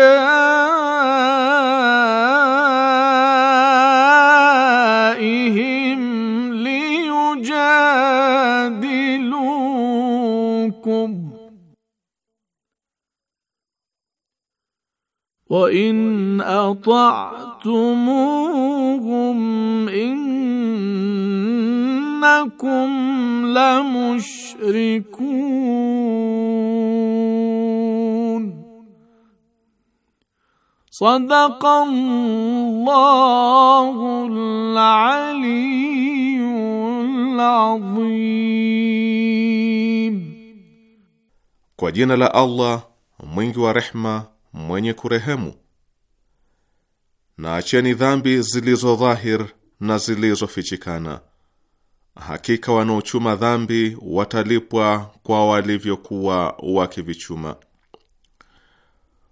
آبائهم ليجادلوكم وإن أطعتموهم إنكم لمشركون Sadaqallahul aliyyul adhim. Kwa jina la Allah mwingi wa rehma mwenye kurehemu. Na acheni dhambi zilizo dhahir na zilizofichikana. Hakika wanaochuma dhambi watalipwa kwa walivyokuwa wakivichuma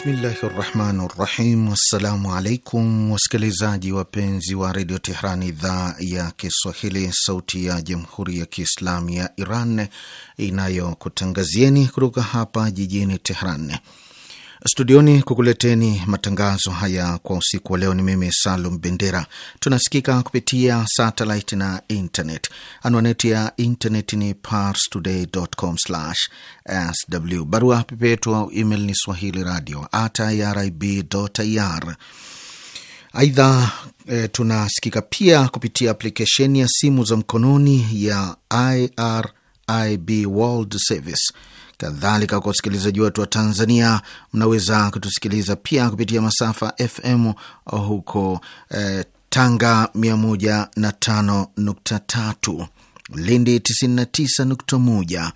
Bismillahi rahmani rahim. assalamu alaikum wasikilizaji wapenzi wa redio Tehrani, idhaa ya Kiswahili, sauti ya jamhuri ya kiislamu ya Iran inayokutangazieni kutoka hapa jijini Tehran Studioni kukuleteni matangazo haya kwa usiku wa leo ni mimi Salum Bendera. Tunasikika kupitia satellite na internet. Anwani ya internet ni parstoday.com/sw. Barua pepe yetu au email ni swahili radio at irib.ir. Aidha, e, tunasikika pia kupitia aplikesheni ya simu za mkononi ya IRIB World Service Kadhalika, kwa wasikilizaji wetu wa Tanzania, mnaweza kutusikiliza pia kupitia masafa FM huko eh, Tanga 105.3, Lindi 99.1,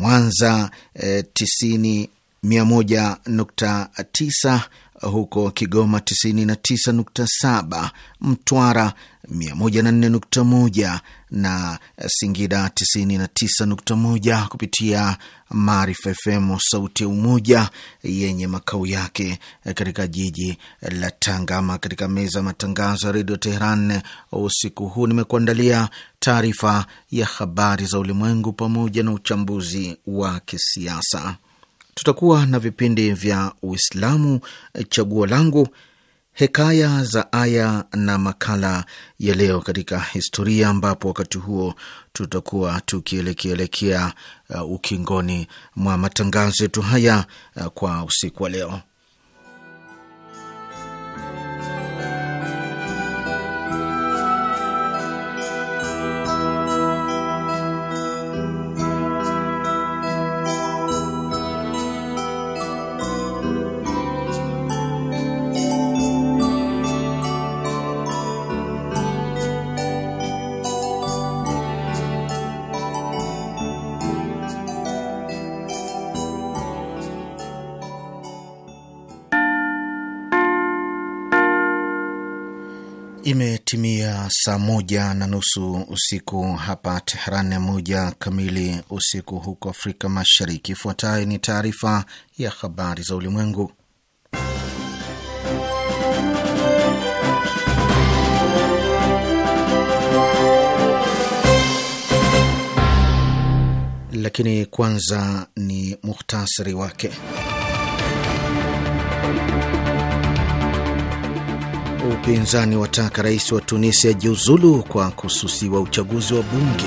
Mwanza eh, 90 101.9 huko Kigoma 99.7, Mtwara 104.1 na Singida 99.1 kupitia Maarifa FM sauti ya Umoja yenye makao yake katika jiji la Tanga. Ama katika meza ya matangazo ya Redio Teheran usiku huu nimekuandalia taarifa ya habari za ulimwengu pamoja na uchambuzi wa kisiasa. Tutakuwa na vipindi vya Uislamu, chaguo langu, hekaya za aya na makala ya leo katika historia, ambapo wakati huo tutakuwa tukielekeelekea uh, ukingoni mwa matangazo yetu haya uh, kwa usiku wa leo. Imetimia saa moja na nusu usiku hapa Tehran, moja kamili usiku huko Afrika Mashariki. Ifuatayo ni taarifa ya habari za ulimwengu, lakini kwanza ni muhtasari wake. Upinzani wataka rais wa Tunisia jiuzulu kwa kususiwa uchaguzi wa bunge.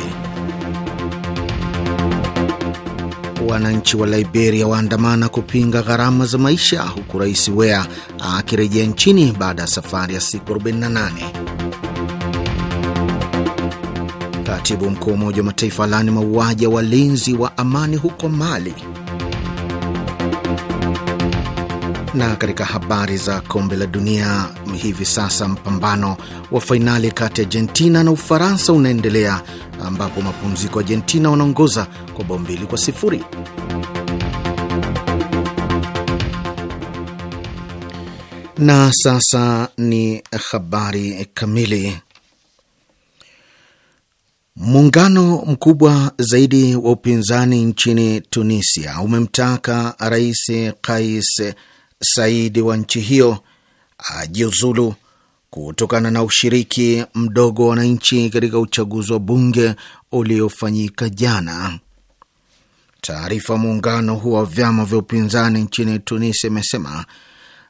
Wananchi wa Liberia waandamana kupinga gharama za maisha, huku rais Wea akirejea nchini baada ya safari ya siku 48. Katibu mkuu wa Umoja wa Mataifa alani mauaji ya walinzi wa amani huko Mali. Na katika habari za kombe la dunia hivi sasa, mpambano wa fainali kati ya Argentina na Ufaransa unaendelea ambapo mapumziko ya Argentina wanaongoza kwa bao mbili kwa sifuri. Na sasa ni habari kamili. Muungano mkubwa zaidi wa upinzani nchini Tunisia umemtaka Rais Kais Saidi wa nchi hiyo ajiuzulu kutokana na ushiriki mdogo wa wananchi katika uchaguzi wa bunge uliofanyika jana. Taarifa muungano huo wa vyama vya upinzani nchini Tunisia imesema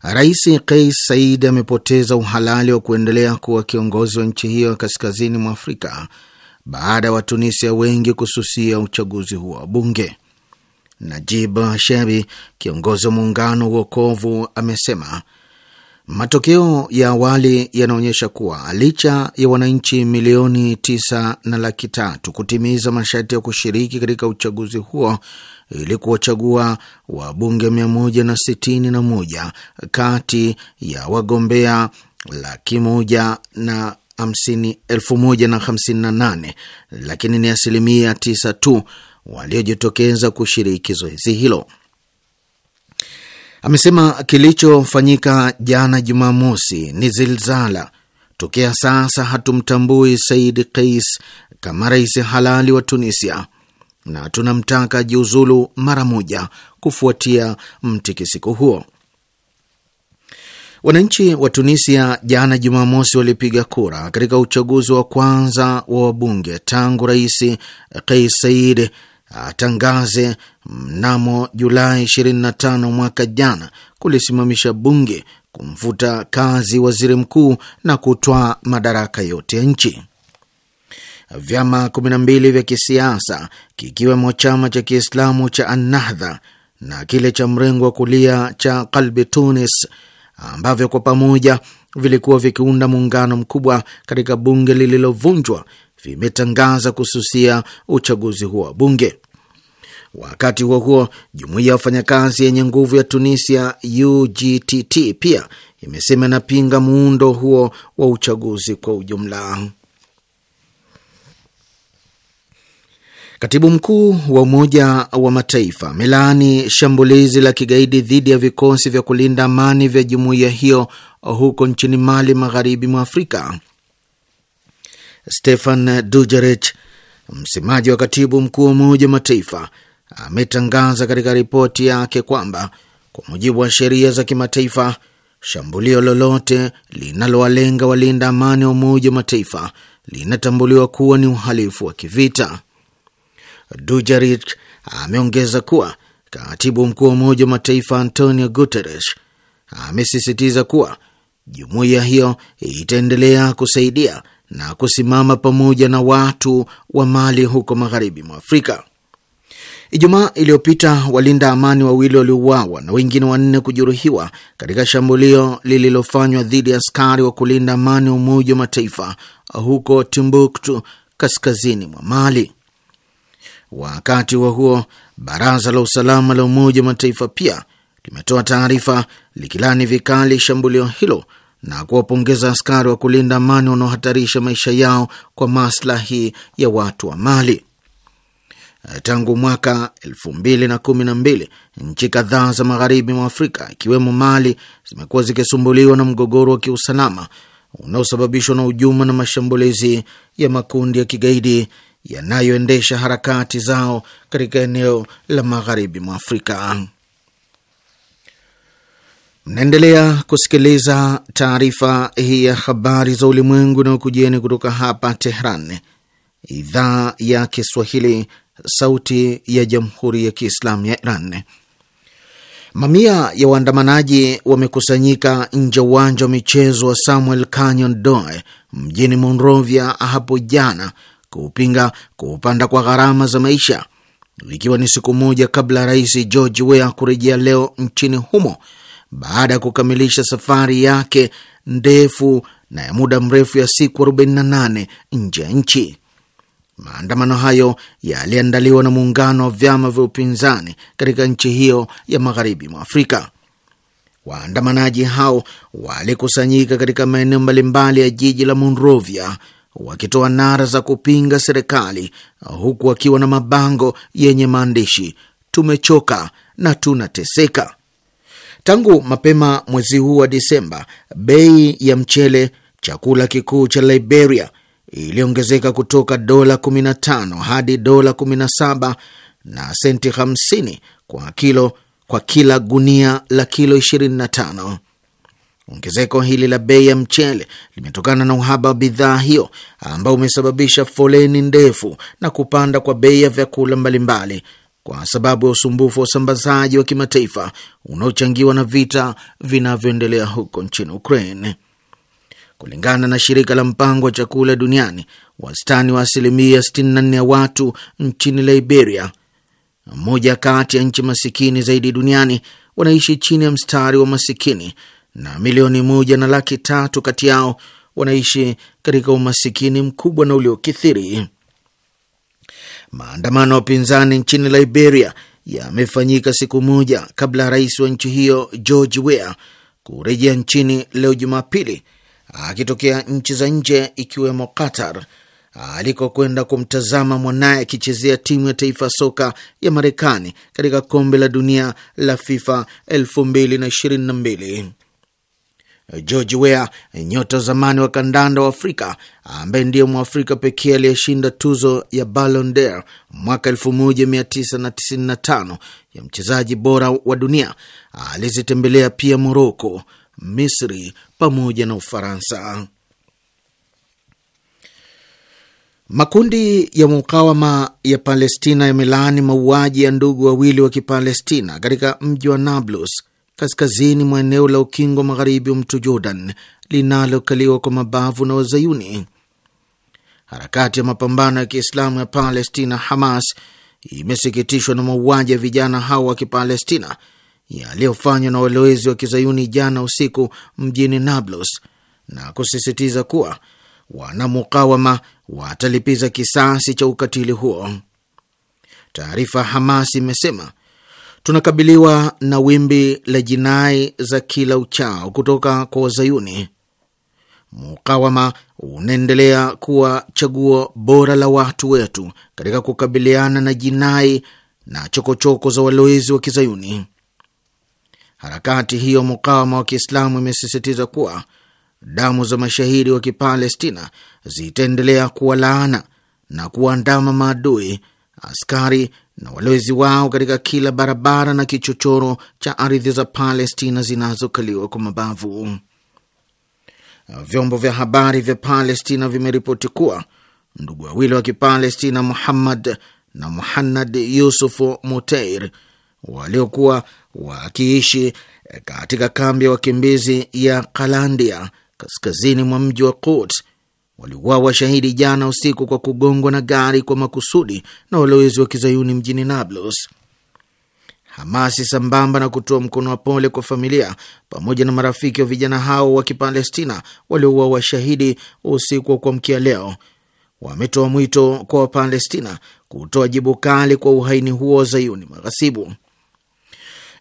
Rais Kais Saidi amepoteza uhalali wa kuendelea kuwa kiongozi wa nchi hiyo ya kaskazini mwa Afrika baada ya Watunisia wengi kususia uchaguzi huo wa bunge. Najib Sheri, kiongozi wa muungano wa uokovu, amesema matokeo ya awali yanaonyesha kuwa licha ya wananchi milioni tisa na laki tatu kutimiza masharti ya kushiriki katika uchaguzi huo ili kuwachagua wabunge mia moja na sitini na moja kati ya wagombea laki moja na hamsini elfu moja na hamsini na nane lakini ni asilimia tisa tu waliojitokeza kushiriki zoezi hilo. Amesema kilichofanyika jana Jumamosi ni zilzala. Tokea sasa hatumtambui Said Kais kama rais halali wa Tunisia na tunamtaka jiuzulu mara moja kufuatia mtikisiko huo. Wananchi wa Tunisia jana Jumamosi walipiga kura katika uchaguzi wa kwanza wa wabunge tangu rais Kais Said atangaze mnamo Julai 25 mwaka jana kulisimamisha bunge, kumfuta kazi waziri mkuu na kutoa madaraka yote ya nchi. Vyama 12 vya kisiasa kikiwemo chama cha Kiislamu cha Annahdha na kile cha mrengo wa kulia cha Qalbi Tunis ambavyo kwa pamoja vilikuwa vikiunda muungano mkubwa katika bunge lililovunjwa vimetangaza kususia uchaguzi huo wa bunge. Wakati huo huo, jumuiya ya wafanyakazi yenye nguvu ya Tunisia UGTT pia imesema inapinga muundo huo wa uchaguzi kwa ujumla. Katibu mkuu wa Umoja wa Mataifa amelaani shambulizi la kigaidi dhidi ya vikosi vya kulinda amani vya jumuiya hiyo huko nchini Mali, magharibi mwa Afrika. Stefan Dujarric, msemaji wa katibu mkuu wa Umoja wa Mataifa, ametangaza katika ripoti yake kwamba kwa mujibu wa sheria za kimataifa, shambulio lolote linalowalenga walinda amani wa Umoja wa Mataifa linatambuliwa kuwa ni uhalifu wa kivita. Dujarric ameongeza kuwa katibu mkuu wa Umoja wa Mataifa Antonio Guterres amesisitiza kuwa jumuiya hiyo itaendelea kusaidia na kusimama pamoja na watu wa Mali huko magharibi mwa Afrika. Ijumaa iliyopita walinda amani wawili waliuawa na wengine wanne kujeruhiwa katika shambulio lililofanywa dhidi ya askari wa kulinda amani wa Umoja wa Mataifa huko Timbuktu, kaskazini mwa Mali. Wakati wa huo, baraza la usalama la Umoja wa Mataifa pia limetoa taarifa likilani vikali shambulio hilo na kuwapongeza askari wa kulinda amani wanaohatarisha maisha yao kwa maslahi ya watu wa Mali. Eh, tangu mwaka elfu mbili na kumi na mbili nchi kadhaa za magharibi mwa Afrika ikiwemo Mali zimekuwa zikisumbuliwa na mgogoro wa kiusalama unaosababishwa na hujuma na mashambulizi ya makundi ya kigaidi yanayoendesha harakati zao katika eneo la magharibi mwa Afrika. Mnaendelea kusikiliza taarifa hii ya habari za ulimwengu na ukujieni kutoka hapa Tehran, idhaa ya Kiswahili, sauti ya jamhuri ya kiislamu ya Iran. Mamia ya waandamanaji wamekusanyika nje ya uwanja wa michezo wa Samuel Canyon Doe mjini Monrovia hapo jana kupinga kupanda kwa gharama za maisha, ikiwa ni siku moja kabla rais George Weah kurejea leo nchini humo baada ya kukamilisha safari yake ndefu na ya muda mrefu ya siku 48 nje ya nchi. Maandamano hayo yaliandaliwa na muungano wa vyama vya upinzani katika nchi hiyo ya magharibi mwa Afrika. Waandamanaji hao walikusanyika katika maeneo mbalimbali ya jiji la Monrovia wakitoa nara za kupinga serikali, huku wakiwa na mabango yenye maandishi tumechoka na tunateseka. Tangu mapema mwezi huu wa Disemba, bei ya mchele, chakula kikuu cha Liberia, iliongezeka kutoka dola 15 hadi dola 17 na senti 50 kwa kilo kwa kila gunia la kilo 25. Ongezeko hili la bei ya mchele limetokana na uhaba wa bidhaa hiyo ambao umesababisha foleni ndefu na kupanda kwa bei ya vyakula mbalimbali kwa sababu ya usumbufu wa usambazaji wa kimataifa unaochangiwa na vita vinavyoendelea huko nchini Ukraine. Kulingana na shirika la mpango wa chakula duniani, wastani wa asilimia 64 ya watu nchini Liberia, moja kati ya nchi masikini zaidi duniani, wanaishi chini ya mstari wa masikini na milioni moja na laki tatu kati yao wanaishi katika umasikini mkubwa na uliokithiri. Maandamano ya upinzani nchini Liberia yamefanyika siku moja kabla rais wa nchi hiyo George Weah kurejea nchini leo Jumapili akitokea nchi za nje ikiwemo Qatar aliko kwenda kumtazama mwanaye akichezea timu ya taifa soka ya Marekani katika kombe la dunia la FIFA 2022. George Weah, nyota zamani wa kandanda wa Afrika ambaye ndiye Mwafrika pekee aliyeshinda tuzo ya Ballon d'Or mwaka 1995 ya mchezaji bora wa dunia, alizitembelea pia Moroko, Misri pamoja na Ufaransa. Makundi ya mukawama ya Palestina yamelaani mauaji ya ndugu wawili wa Kipalestina katika mji wa Nablus kaskazini mwa eneo la ukingo magharibi mto Jordan linalokaliwa kwa mabavu na Wazayuni. Harakati ya mapambano ya Kiislamu ya Palestina, Hamas, imesikitishwa na mauaji ya vijana hao wa Kipalestina yaliyofanywa na walowezi wa Kizayuni jana usiku mjini Nablus na kusisitiza kuwa wanamukawama watalipiza kisasi cha ukatili huo. Taarifa Hamas imesema tunakabiliwa na wimbi la jinai za kila uchao kutoka kwa Wazayuni. Mukawama unaendelea kuwa chaguo bora la watu wetu katika kukabiliana na jinai na chokochoko choko za walowezi wa Kizayuni. Harakati hiyo mukawama wa Kiislamu imesisitiza kuwa damu za mashahidi wa Kipalestina zitaendelea kuwa laana na kuandama maadui, askari na walowezi wao katika kila barabara na kichochoro cha ardhi za Palestina zinazokaliwa kwa mabavu. Vyombo vya habari vya Palestina vimeripoti kuwa ndugu wawili wa Kipalestina Muhammad na Muhanad Yusufu Muteir waliokuwa wakiishi katika kambi ya wakimbizi ya Kalandia kaskazini mwa mji wa Quds waliuawa shahidi jana usiku kwa kugongwa na gari kwa makusudi na walowezi wa kizayuni mjini Nablus. Hamasi sambamba na kutoa mkono wa pole kwa familia pamoja na marafiki wa vijana hao wa Kipalestina waliouawa washahidi usiku wa kuamkia leo wametoa mwito kwa Wapalestina kutoa jibu kali kwa uhaini huo wa zayuni maghasibu.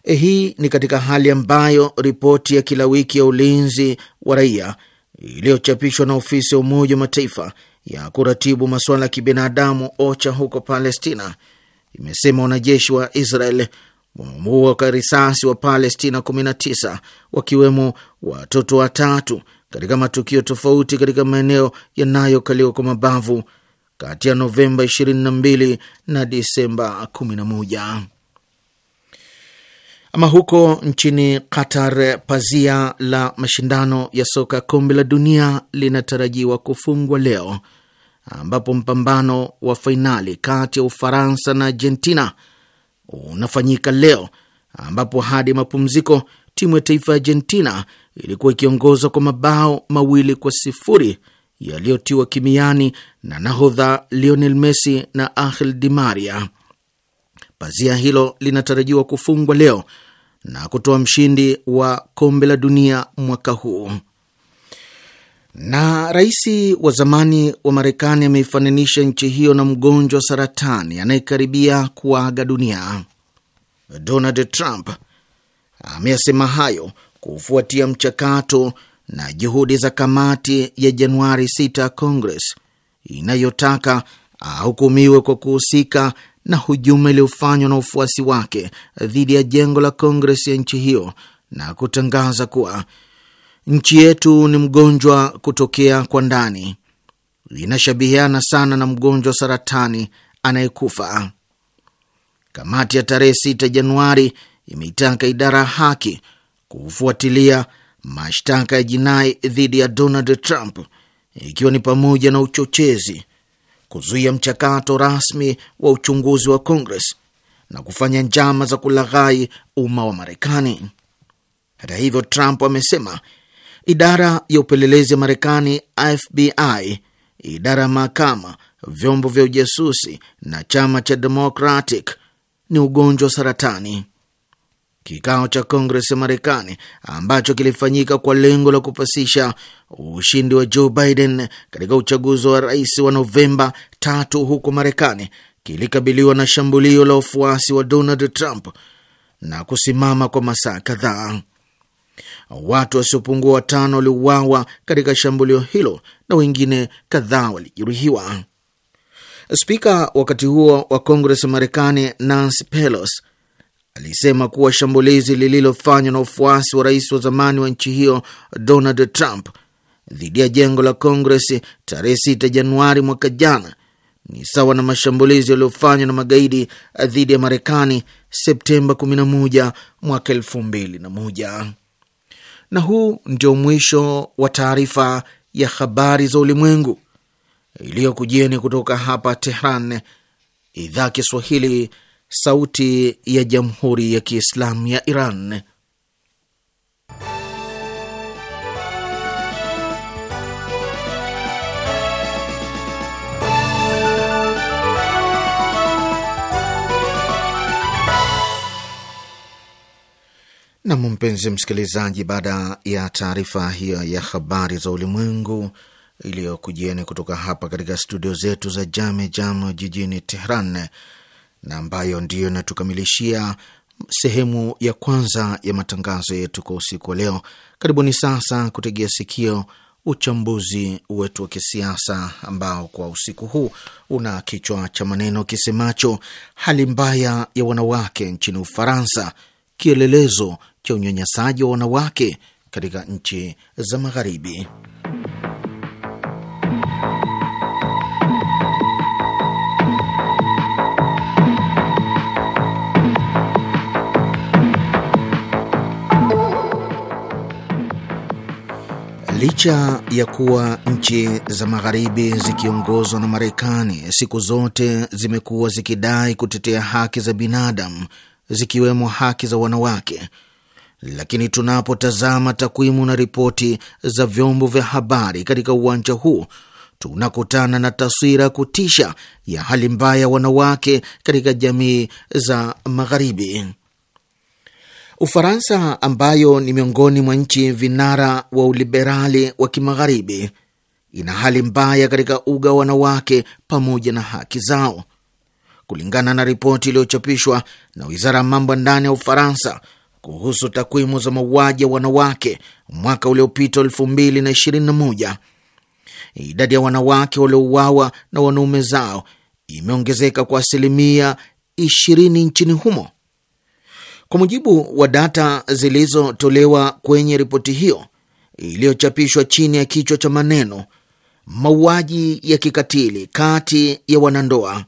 Eh, hii ni katika hali ambayo ripoti ya kila wiki ya ulinzi wa raia iliyochapishwa na ofisi ya Umoja wa Mataifa ya kuratibu masuala ya kibinadamu OCHA huko Palestina imesema wanajeshi wa Israel wameua kwa risasi wa Palestina 19 wakiwemo watoto watatu katika matukio tofauti katika maeneo yanayokaliwa kwa mabavu kati ya Novemba 22 na Disemba 11. Ama huko nchini Qatar, pazia la mashindano ya soka kombe la dunia linatarajiwa kufungwa leo, ambapo mpambano wa fainali kati ya Ufaransa na Argentina unafanyika leo, ambapo hadi mapumziko timu ya taifa ya Argentina ilikuwa ikiongozwa kwa mabao mawili kwa sifuri yaliyotiwa kimiani na nahodha Lionel Messi na Angel Di Maria. Pazia hilo linatarajiwa kufungwa leo na kutoa mshindi wa kombe la dunia mwaka huu. Na rais wa zamani wa Marekani ameifananisha nchi hiyo na mgonjwa wa saratani anayekaribia kuaga dunia. Donald Trump ameyasema hayo kufuatia mchakato na juhudi za kamati ya Januari 6 ya Congress inayotaka ahukumiwe kwa kuhusika na hujuma iliyofanywa na ufuasi wake dhidi ya jengo la Kongres ya nchi hiyo na kutangaza kuwa nchi yetu ni mgonjwa kutokea kwa ndani, inashabihiana sana na mgonjwa saratani anayekufa. Kamati ya tarehe 6 Januari imeitaka idara ya haki kufuatilia mashtaka ya jinai dhidi ya Donald Trump, ikiwa ni pamoja na uchochezi kuzuia mchakato rasmi wa uchunguzi wa Kongres na kufanya njama za kulaghai umma wa Marekani. Hata hivyo, Trump amesema idara ya upelelezi ya Marekani, FBI, idara ya mahakama, vyombo vya ujasusi na chama cha Democratic ni ugonjwa wa saratani Kikao cha Kongres ya Marekani ambacho kilifanyika kwa lengo la kupasisha ushindi wa Joe Biden katika uchaguzi wa rais wa Novemba tatu huko Marekani kilikabiliwa na shambulio la wafuasi wa Donald Trump na kusimama kwa masaa kadhaa. Watu wasiopungua watano waliuawa katika shambulio hilo na wengine kadhaa walijeruhiwa. Spika wakati huo wa Kongres ya Marekani Nancy Pelosi alisema kuwa shambulizi lililofanywa na ufuasi wa rais wa zamani wa nchi hiyo Donald Trump dhidi ya jengo la Kongresi tarehe 6 Januari mwaka jana ni sawa na mashambulizi yaliyofanywa na magaidi dhidi ya Marekani Septemba 11 mwaka 2001. Na huu ndio mwisho wa taarifa ya habari za ulimwengu iliyokujieni kutoka hapa Tehran, idhaa Kiswahili Sauti ya Jamhuri ya Kiislamu ya Iran. Nam, mpenzi msikilizaji, baada ya taarifa hiyo ya habari za ulimwengu iliyokujieni kutoka hapa katika studio zetu za Jame Jam jijini Tehran na ambayo ndiyo inatukamilishia sehemu ya kwanza ya matangazo yetu kwa usiku wa leo. Karibuni sasa kutegea sikio uchambuzi wetu wa kisiasa ambao kwa usiku huu una kichwa cha maneno kisemacho hali mbaya ya wanawake nchini Ufaransa, kielelezo cha unyanyasaji wa wanawake katika nchi za Magharibi. Licha ya kuwa nchi za magharibi zikiongozwa na Marekani siku zote zimekuwa zikidai kutetea haki za binadamu zikiwemo haki za wanawake, lakini tunapotazama takwimu na ripoti za vyombo vya habari katika uwanja huu tunakutana na taswira ya kutisha ya hali mbaya ya wanawake katika jamii za magharibi. Ufaransa ambayo ni miongoni mwa nchi vinara wa uliberali wa kimagharibi ina hali mbaya katika uga wanawake pamoja na haki zao. Kulingana na ripoti iliyochapishwa na wizara ya mambo ya ndani ya Ufaransa kuhusu takwimu za mauaji ya wanawake mwaka uliopita 221 idadi ya wanawake waliouawa na wanaume zao imeongezeka kwa asilimia 20 nchini humo kwa mujibu wa data zilizotolewa kwenye ripoti hiyo iliyochapishwa chini ya kichwa cha maneno mauaji ya kikatili kati ya wanandoa,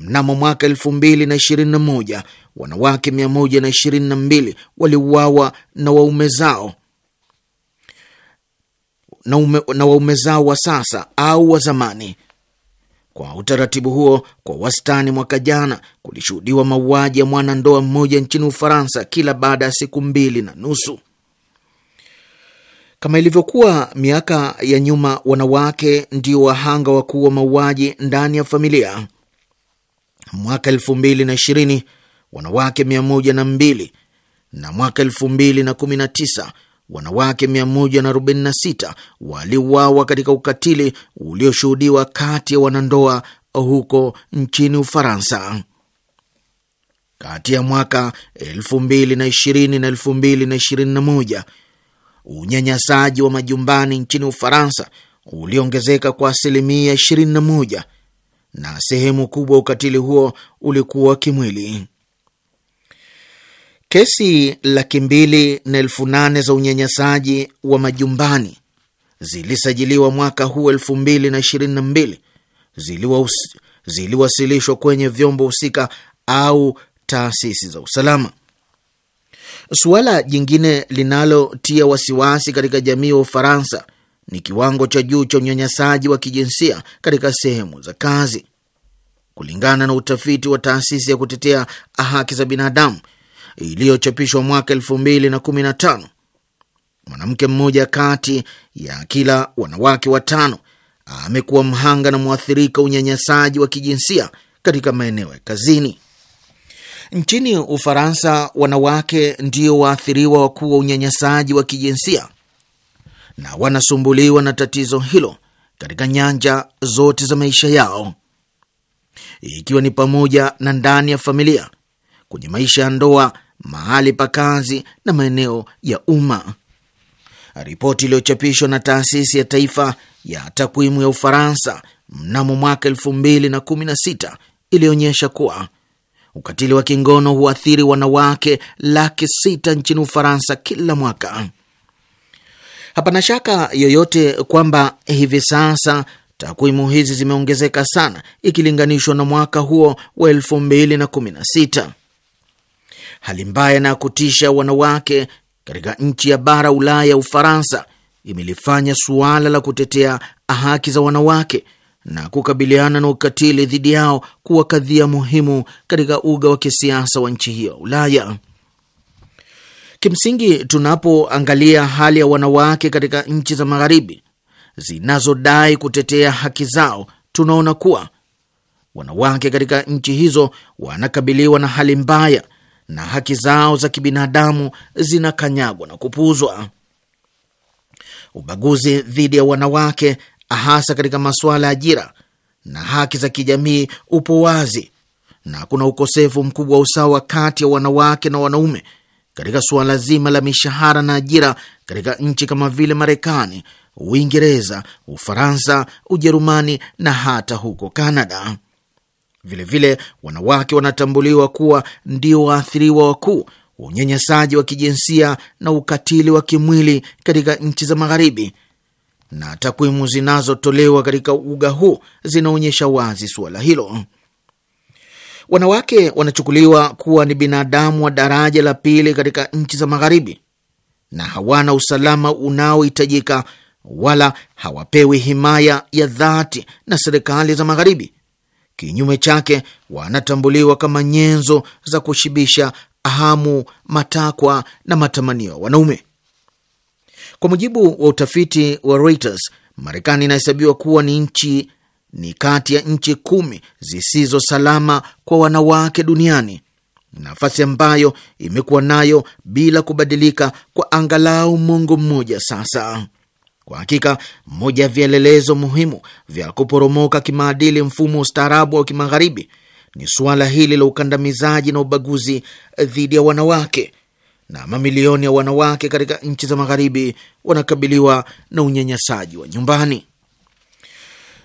mnamo mwaka 2021 wanawake 122 waliuawa na waume zao na, ume, na waume zao wa sasa au wa zamani kwa utaratibu huo, kwa wastani mwaka jana kulishuhudiwa mauaji ya mwana ndoa mmoja nchini Ufaransa kila baada ya siku mbili na nusu. Kama ilivyokuwa miaka ya nyuma, wanawake ndio wahanga wakuu wa mauaji ndani ya familia. Mwaka elfu mbili na ishirini wanawake mia moja na mbili na mwaka elfu mbili na kumi na tisa wanawake 146 waliuawa katika ukatili ulioshuhudiwa kati ya wanandoa huko nchini Ufaransa kati ya mwaka 2020 na 2021. Unyanyasaji wa majumbani nchini Ufaransa uliongezeka kwa asilimia 21 na sehemu kubwa ukatili huo ulikuwa kimwili. Kesi laki mbili na elfu nane za unyanyasaji wa majumbani zilisajiliwa mwaka huu elfu mbili na ishirini na mbili ziliwasilishwa kwenye vyombo husika au taasisi za usalama. Suala jingine linalotia wasiwasi katika jamii ya Ufaransa ni kiwango cha juu cha unyanyasaji wa kijinsia katika sehemu za kazi. Kulingana na utafiti wa taasisi ya kutetea haki za binadamu iliyochapishwa mwaka elfu mbili na kumi na tano mwanamke mmoja kati ya kila wanawake watano amekuwa mhanga na mwathirika unyanyasaji wa kijinsia katika maeneo ya kazini. Nchini Ufaransa, wanawake ndio waathiriwa wakuu wa unyanyasaji wa kijinsia na wanasumbuliwa na tatizo hilo katika nyanja zote za maisha yao, ikiwa ni pamoja na ndani ya familia, kwenye maisha ya ndoa mahali pa kazi na maeneo ya umma. Ripoti iliyochapishwa na taasisi ya taifa ya takwimu ya Ufaransa mnamo mwaka 216 ilionyesha kuwa ukatili wa kingono huathiri wanawake laki sita nchini Ufaransa kila mwaka. Hapana shaka yoyote kwamba hivi sasa takwimu hizi zimeongezeka sana ikilinganishwa na mwaka huo wa elfu mbili na kumi na sita. Hali mbaya na kutisha wanawake katika nchi ya bara Ulaya ya Ufaransa imelifanya suala la kutetea haki za wanawake na kukabiliana na ukatili dhidi yao kuwa kadhia muhimu katika uga wa kisiasa wa nchi hiyo ya Ulaya. Kimsingi, tunapoangalia hali ya wanawake katika nchi za magharibi zinazodai kutetea haki zao, tunaona kuwa wanawake katika nchi hizo wanakabiliwa na hali mbaya na haki zao za kibinadamu zinakanyagwa na kupuuzwa. Ubaguzi dhidi ya wanawake, hasa katika masuala ya ajira na haki za kijamii, upo wazi na kuna ukosefu mkubwa wa usawa kati ya wanawake na wanaume katika suala zima la mishahara na ajira katika nchi kama vile Marekani, Uingereza, Ufaransa, Ujerumani na hata huko Kanada. Vilevile, wanawake wanatambuliwa kuwa ndio waathiriwa wakuu wa unyanyasaji wa kijinsia na ukatili wa kimwili katika nchi za Magharibi, na takwimu zinazotolewa katika uga huu zinaonyesha wazi suala hilo. Wanawake wanachukuliwa kuwa ni binadamu wa daraja la pili katika nchi za Magharibi, na hawana usalama unaohitajika wala hawapewi himaya ya dhati na serikali za Magharibi Kinyume chake, wanatambuliwa kama nyenzo za kushibisha hamu, matakwa na matamanio ya wanaume. Kwa mujibu wa utafiti wa Reuters, Marekani inahesabiwa kuwa ni nchi ni kati ya nchi kumi zisizo salama kwa wanawake duniani, nafasi ambayo imekuwa nayo bila kubadilika kwa angalau mwongo mmoja sasa. Kwa hakika moja ya vielelezo muhimu vya kuporomoka kimaadili mfumo wa ustaarabu wa kimagharibi ni suala hili la ukandamizaji na ubaguzi dhidi ya wanawake, na mamilioni ya wanawake katika nchi za magharibi wanakabiliwa na unyanyasaji wa nyumbani.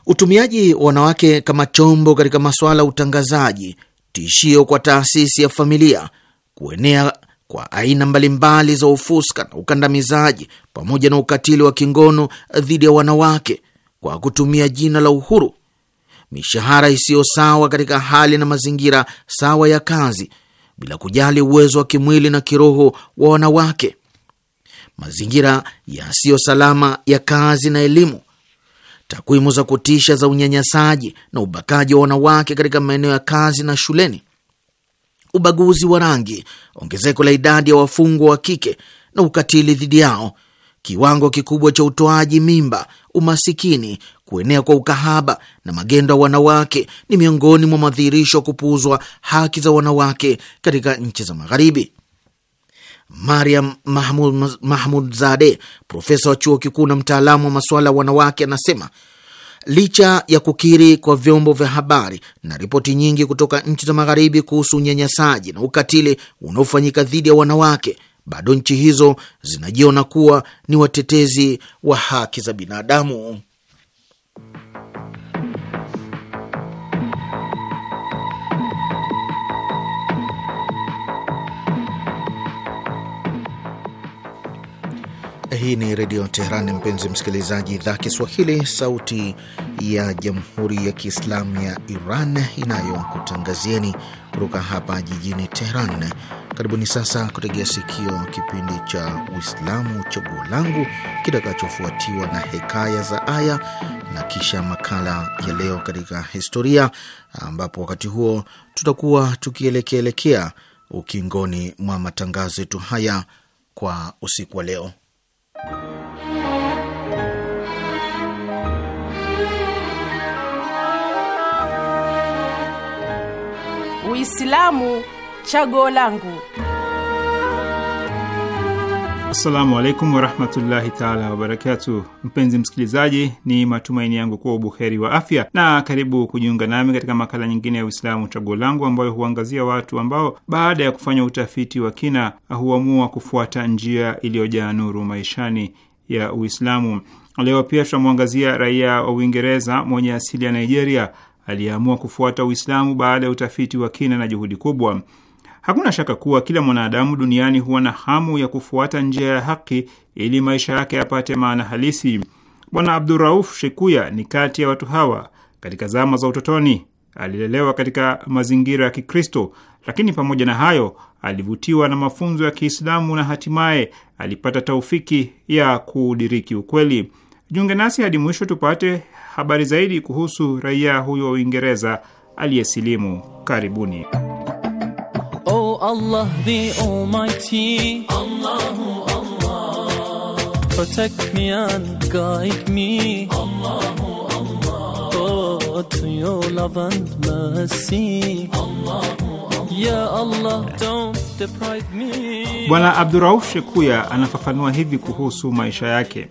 Utumiaji wa wanawake kama chombo katika masuala ya utangazaji, tishio kwa taasisi ya familia, kuenea kwa aina mbalimbali za ufuska na ukandamizaji pamoja na ukatili wa kingono dhidi ya wanawake kwa kutumia jina la uhuru, mishahara isiyo sawa katika hali na mazingira sawa ya kazi, bila kujali uwezo wa kimwili na kiroho wa wanawake, mazingira yasiyo salama ya kazi na elimu, takwimu za kutisha za unyanyasaji na ubakaji wa wanawake katika maeneo ya kazi na shuleni ubaguzi wa rangi, ongezeko la idadi ya wafungwa wa kike na ukatili dhidi yao, kiwango kikubwa cha utoaji mimba, umasikini, kuenea kwa ukahaba na magendo ya wanawake ni miongoni mwa madhihirisho ya kupuuzwa haki za wanawake katika nchi za Magharibi. Mariam Mahmud Zade, profesa wa chuo kikuu na mtaalamu wa masuala ya wanawake, anasema Licha ya kukiri kwa vyombo vya habari na ripoti nyingi kutoka nchi za magharibi kuhusu unyanyasaji na ukatili unaofanyika dhidi ya wanawake, bado nchi hizo zinajiona kuwa ni watetezi wa haki za binadamu. Hii ni Redio Teheran, mpenzi msikilizaji, idhaa Kiswahili, sauti ya Jamhuri ya Kiislamu ya Iran inayokutangazieni kutoka hapa jijini Teheran. Karibuni sasa kutegea sikio kipindi cha Uislamu Chaguo Langu kitakachofuatiwa na hekaya za aya na kisha makala ya Leo katika Historia, ambapo wakati huo tutakuwa tukielekeelekea ukingoni mwa matangazo yetu haya kwa usiku wa leo. Uislamu chaguo langu. Assalamu alaikum warahmatullahi taala wabarakatu. Mpenzi msikilizaji, ni matumaini yangu kuwa ubuheri wa afya na karibu kujiunga nami katika makala nyingine ya Uislamu Chaguo Langu, ambayo huangazia watu ambao baada ya kufanya utafiti wa kina huamua kufuata njia iliyojaa nuru maishani ya Uislamu. Leo pia tutamwangazia raia wa Uingereza mwenye asili ya Nigeria aliyeamua kufuata Uislamu baada ya utafiti wa kina na juhudi kubwa. Hakuna shaka kuwa kila mwanadamu duniani huwa na hamu ya kufuata njia ya haki ili maisha yake yapate maana halisi. Bwana Abdurauf Shekuya ni kati ya watu hawa. Katika zama za utotoni, alilelewa katika mazingira ya Kikristo, lakini pamoja na hayo alivutiwa na mafunzo ya Kiislamu na hatimaye alipata taufiki ya kudiriki ukweli. Jiunge nasi hadi mwisho tupate habari zaidi kuhusu raia huyo wa Uingereza aliyesilimu. Karibuni. Allah the Almighty. Allahu Allah. Protect me and guide me. Allahu Allah. Oh, to your love and mercy. Allahu Allah. Ya Allah, don't deprive me. Bwana Abdurauf Shekuya anafafanua hivi kuhusu maisha yake.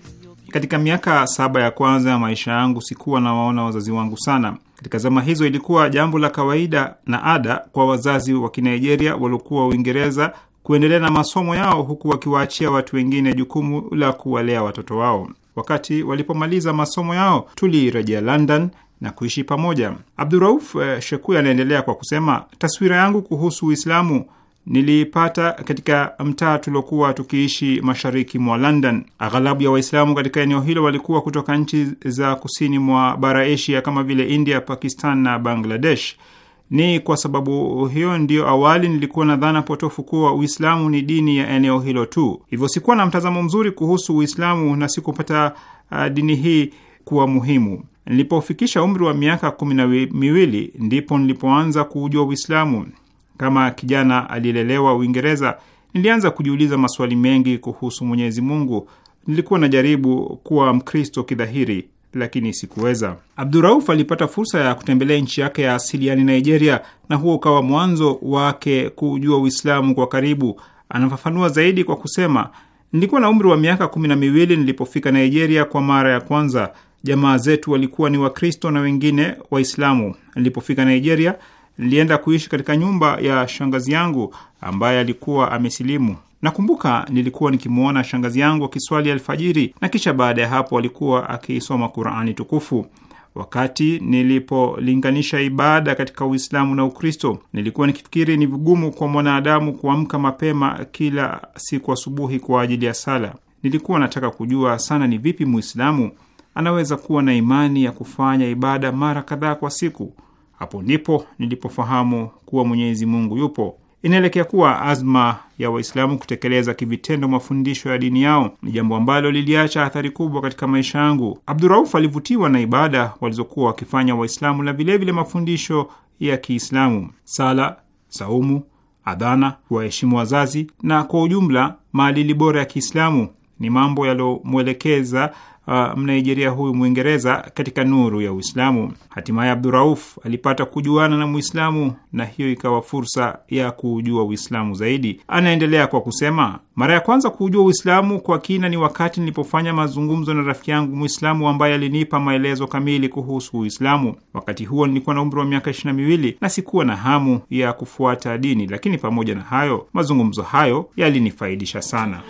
Katika miaka saba ya kwanza ya maisha yangu sikuwa nawaona wazazi wangu sana. Katika zama hizo ilikuwa jambo la kawaida na ada kwa wazazi wa Kinigeria waliokuwa Uingereza kuendelea na masomo yao huku wakiwaachia watu wengine jukumu la kuwalea watoto wao. Wakati walipomaliza masomo yao, tulirejea London na kuishi pamoja. Abdurauf eh, Shekui anaendelea kwa kusema, taswira yangu kuhusu Uislamu niliipata katika mtaa tuliokuwa tukiishi mashariki mwa London. Aghalabu ya Waislamu katika eneo hilo walikuwa kutoka nchi za kusini mwa bara Asia kama vile India, Pakistan na Bangladesh. Ni kwa sababu hiyo ndiyo awali nilikuwa na dhana potofu kuwa Uislamu ni dini ya eneo hilo tu, hivyo sikuwa na mtazamo mzuri kuhusu Uislamu na sikupata uh, dini hii kuwa muhimu. Nilipofikisha umri wa miaka kumi na miwili ndipo nilipoanza kuujua Uislamu. Kama kijana aliyelelewa Uingereza, nilianza kujiuliza maswali mengi kuhusu Mwenyezi Mungu. Nilikuwa najaribu kuwa Mkristo kidhahiri, lakini sikuweza. Abdurauf alipata fursa ya kutembelea nchi yake ya asili, yani Nigeria, na huo ukawa mwanzo wake kujua Uislamu kwa karibu. Anafafanua zaidi kwa kusema, nilikuwa na umri wa miaka kumi na miwili nilipofika Nigeria kwa mara ya kwanza. Jamaa zetu walikuwa ni Wakristo na wengine Waislamu. Nilipofika Nigeria nilienda kuishi katika nyumba ya shangazi yangu ambaye alikuwa amesilimu. Nakumbuka nilikuwa nikimwona shangazi yangu akiswali alfajiri na kisha baada ya hapo alikuwa akiisoma Qurani tukufu. Wakati nilipolinganisha ibada katika Uislamu na Ukristo, nilikuwa nikifikiri ni vigumu kwa mwanadamu kuamka mapema kila siku asubuhi kwa ajili ya sala. Nilikuwa nataka kujua sana ni vipi Muislamu anaweza kuwa na imani ya kufanya ibada mara kadhaa kwa siku hapo ndipo nilipofahamu kuwa Mwenyezi Mungu yupo. Inaelekea kuwa azma ya Waislamu kutekeleza kivitendo mafundisho ya dini yao ni jambo ambalo liliacha athari kubwa katika maisha yangu. Abdurauf alivutiwa na ibada walizokuwa wakifanya Waislamu na vilevile mafundisho ya Kiislamu, sala, saumu, adhana, kuwaheshimu wazazi na kwa ujumla maadili bora ya Kiislamu ni mambo yaliyomwelekeza uh, Mnaijeria huyu Mwingereza katika nuru ya Uislamu. Hatimaye Abdurauf alipata kujuana na mwislamu na hiyo ikawa fursa ya kuujua Uislamu zaidi. Anaendelea kwa kusema, mara ya kwanza kuujua Uislamu kwa kina ni wakati nilipofanya mazungumzo na rafiki yangu mwislamu ambaye alinipa maelezo kamili kuhusu Uislamu. Wakati huo nilikuwa na umri wa miaka ishirini na miwili na sikuwa na hamu ya kufuata dini, lakini pamoja na hayo mazungumzo hayo yalinifaidisha sana.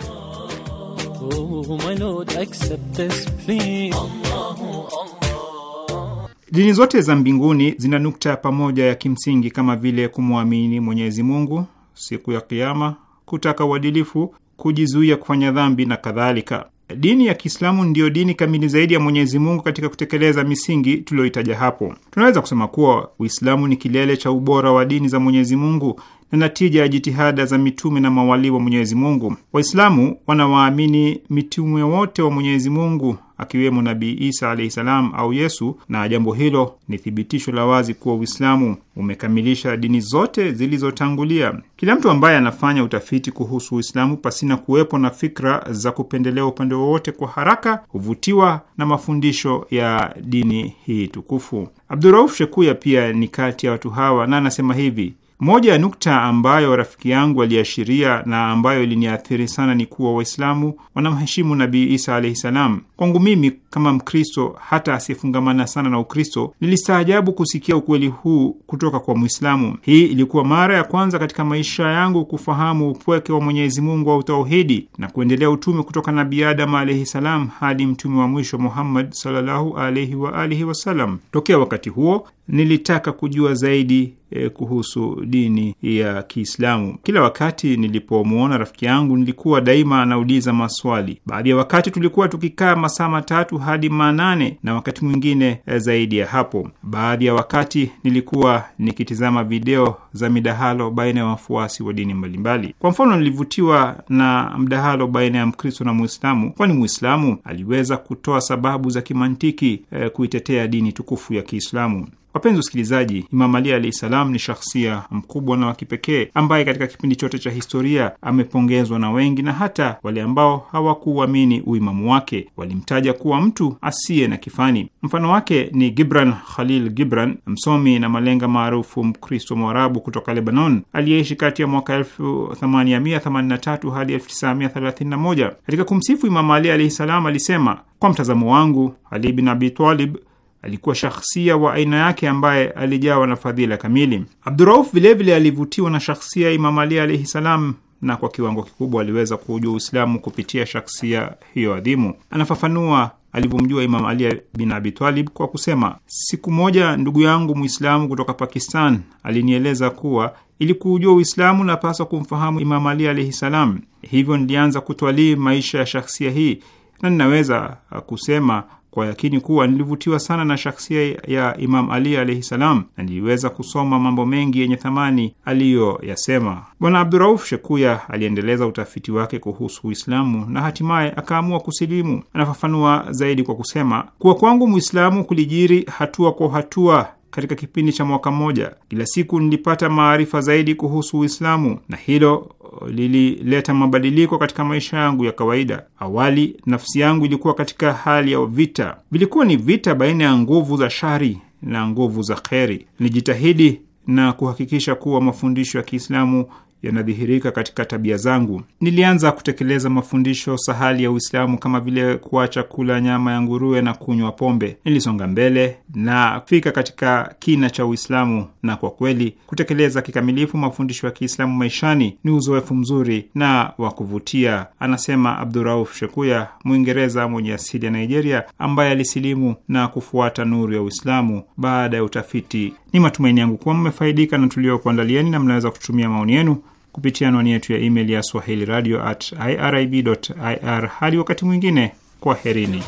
Dini zote za mbinguni zina nukta ya pamoja ya kimsingi kama vile kumwamini Mwenyezi Mungu, siku ya Kiama, kutaka uadilifu, kujizuia kufanya dhambi na kadhalika. Dini ya Kiislamu ndiyo dini kamili zaidi ya Mwenyezi Mungu katika kutekeleza misingi tuliyoitaja hapo. Tunaweza kusema kuwa Uislamu ni kilele cha ubora wa dini za Mwenyezi Mungu na natija ya jitihada za mitume na mawali wa Mwenyezi Mungu. Waislamu wanawaamini mitume wote wa Mwenyezi Mungu akiwemo Nabii Isa alahi salam au Yesu, na jambo hilo ni thibitisho la wazi kuwa Uislamu umekamilisha dini zote zilizotangulia. Kila mtu ambaye anafanya utafiti kuhusu Uislamu pasina kuwepo na fikra za kupendelea upande wowote, kwa haraka huvutiwa na mafundisho ya dini hii tukufu. Abdurauf Shekuya pia ni kati ya watu hawa, na anasema hivi: moja ya nukta ambayo rafiki yangu aliashiria na ambayo iliniathiri sana ni kuwa Waislamu wanamheshimu Nabii Isa alaihi salam. Kwangu mimi kama Mkristo, hata asiyefungamana sana na Ukristo, nilistaajabu kusikia ukweli huu kutoka kwa Mwislamu. Hii ilikuwa mara ya kwanza katika maisha yangu kufahamu upweke wa Mwenyezi Mungu wa utauhidi na kuendelea utume kutoka Nabii Adamu alaihi salam hadi mtume wa mwisho Muhammad sallallahu alaihi alihi wasallam. Tokea wakati huo nilitaka kujua zaidi e, kuhusu dini ya Kiislamu. Kila wakati nilipomwona rafiki yangu nilikuwa daima anauliza maswali. Baadhi ya wakati tulikuwa tukikaa masaa matatu hadi manane na wakati mwingine e, zaidi ya hapo. Baadhi ya wakati nilikuwa nikitizama video za midahalo baina ya wafuasi wa dini mbalimbali. Kwa mfano, nilivutiwa na mdahalo baina ya Mkristo na Mwislamu, kwani Mwislamu aliweza kutoa sababu za kimantiki e, kuitetea dini tukufu ya Kiislamu. Wapenzi wasikilizaji, Imam Ali alahi salam ni shahsia mkubwa na wa kipekee ambaye katika kipindi chote cha historia amepongezwa na wengi na hata wale ambao hawakuuamini uimamu wake walimtaja kuwa mtu asiye na kifani. Mfano wake ni Gibran Khalil Gibran, msomi na malenga maarufu Mkristo Mwarabu kutoka Lebanon aliyeishi kati ya mwaka 1883 hadi 1931. Katika kumsifu Imam Ali alahi salam alisema, kwa mtazamo wangu, Ali bin Abi Talib Alikuwa shakhsia wa aina yake ambaye alijawa na fadhila kamili. Abdurauf vilevile alivutiwa na shahsia ya Imam Ali alaihi salam na kwa kiwango kikubwa aliweza kuujua Uislamu kupitia shaksia hiyo adhimu. Anafafanua alivyomjua Imam Ali bin Abi Talib kwa kusema, siku moja ndugu yangu Mwislamu kutoka Pakistan alinieleza kuwa ili kuujua Uislamu napaswa kumfahamu Imam Ali alaihi salam. Hivyo nilianza kutwalii maisha ya shakhsia hii na ninaweza kusema kwa yakini kuwa nilivutiwa sana na shakhsia ya Imam Ali alaihi salam, na niliweza kusoma mambo mengi yenye thamani aliyoyasema. Bwana Abdurauf Shekuya aliendeleza utafiti wake kuhusu Uislamu na hatimaye akaamua kusilimu. Anafafanua zaidi kwa kusema kuwa, kwangu Mwislamu kulijiri hatua kwa hatua katika kipindi cha mwaka mmoja. Kila siku nilipata maarifa zaidi kuhusu Uislamu na hilo uh, lilileta mabadiliko katika maisha yangu ya kawaida. Awali nafsi yangu ilikuwa katika hali ya vita, vilikuwa ni vita baina ya nguvu za shari na nguvu za kheri. Nilijitahidi na kuhakikisha kuwa mafundisho ya Kiislamu yanadhihirika katika tabia zangu. Nilianza kutekeleza mafundisho sahali ya Uislamu kama vile kuacha kula nyama ya nguruwe na kunywa pombe. Nilisonga mbele na kufika katika kina cha Uislamu, na kwa kweli kutekeleza kikamilifu mafundisho ya Kiislamu maishani ni uzoefu mzuri na wa kuvutia, anasema Abdurauf Shekuya, Mwingereza mwenye asili ya Nigeria ambaye alisilimu na kufuata nuru ya Uislamu baada ya utafiti. Ni matumaini yangu kuwa mmefaidika na tuliokuandalieni na mnaweza kutumia maoni yenu kupitia anwani yetu ya email ya swahili radio at irib ir. Hadi wakati mwingine, kwaherini.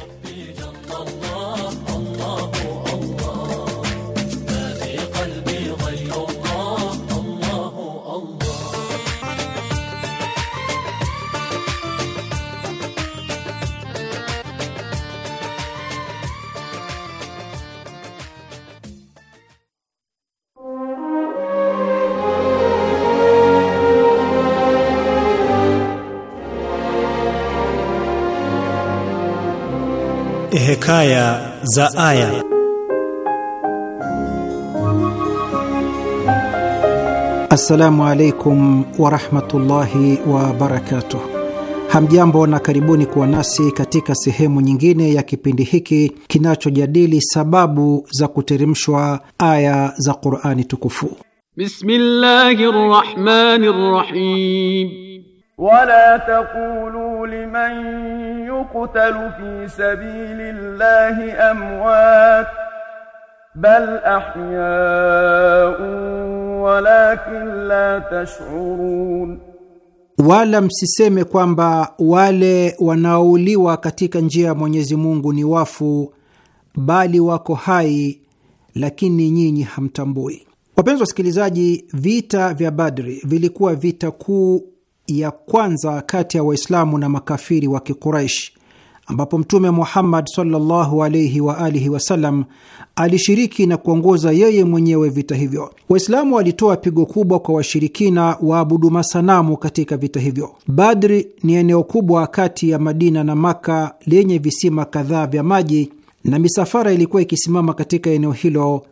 Hekaya za Aya. Assalamu alaikum warahmatullahi wabarakatuh. Hamjambo na karibuni kuwa nasi katika sehemu nyingine ya kipindi hiki kinachojadili sababu za kuteremshwa aya za Qurani tukufu. Bismillahirrahmanirrahim ولا تقولوا لمن يقتل في سبيل الله اموات بل احياء ولكن لا تشعرون Wala msiseme kwamba wale wanaouliwa katika njia ya Mwenyezi Mungu ni wafu, bali wako hai, lakini nyinyi hamtambui. Wapenzi wasikilizaji, vita vya Badri vilikuwa vita kuu ya kwanza kati ya Waislamu na makafiri wa Kiquraish, ambapo Mtume Muhammad sallallahu alaihi wa alihi wasallam alishiriki na kuongoza yeye mwenyewe vita hivyo. Waislamu walitoa pigo kubwa kwa washirikina waabudu masanamu katika vita hivyo. Badri ni eneo kubwa kati ya Madina na Maka lenye visima kadhaa vya maji, na misafara ilikuwa ikisimama katika eneo hilo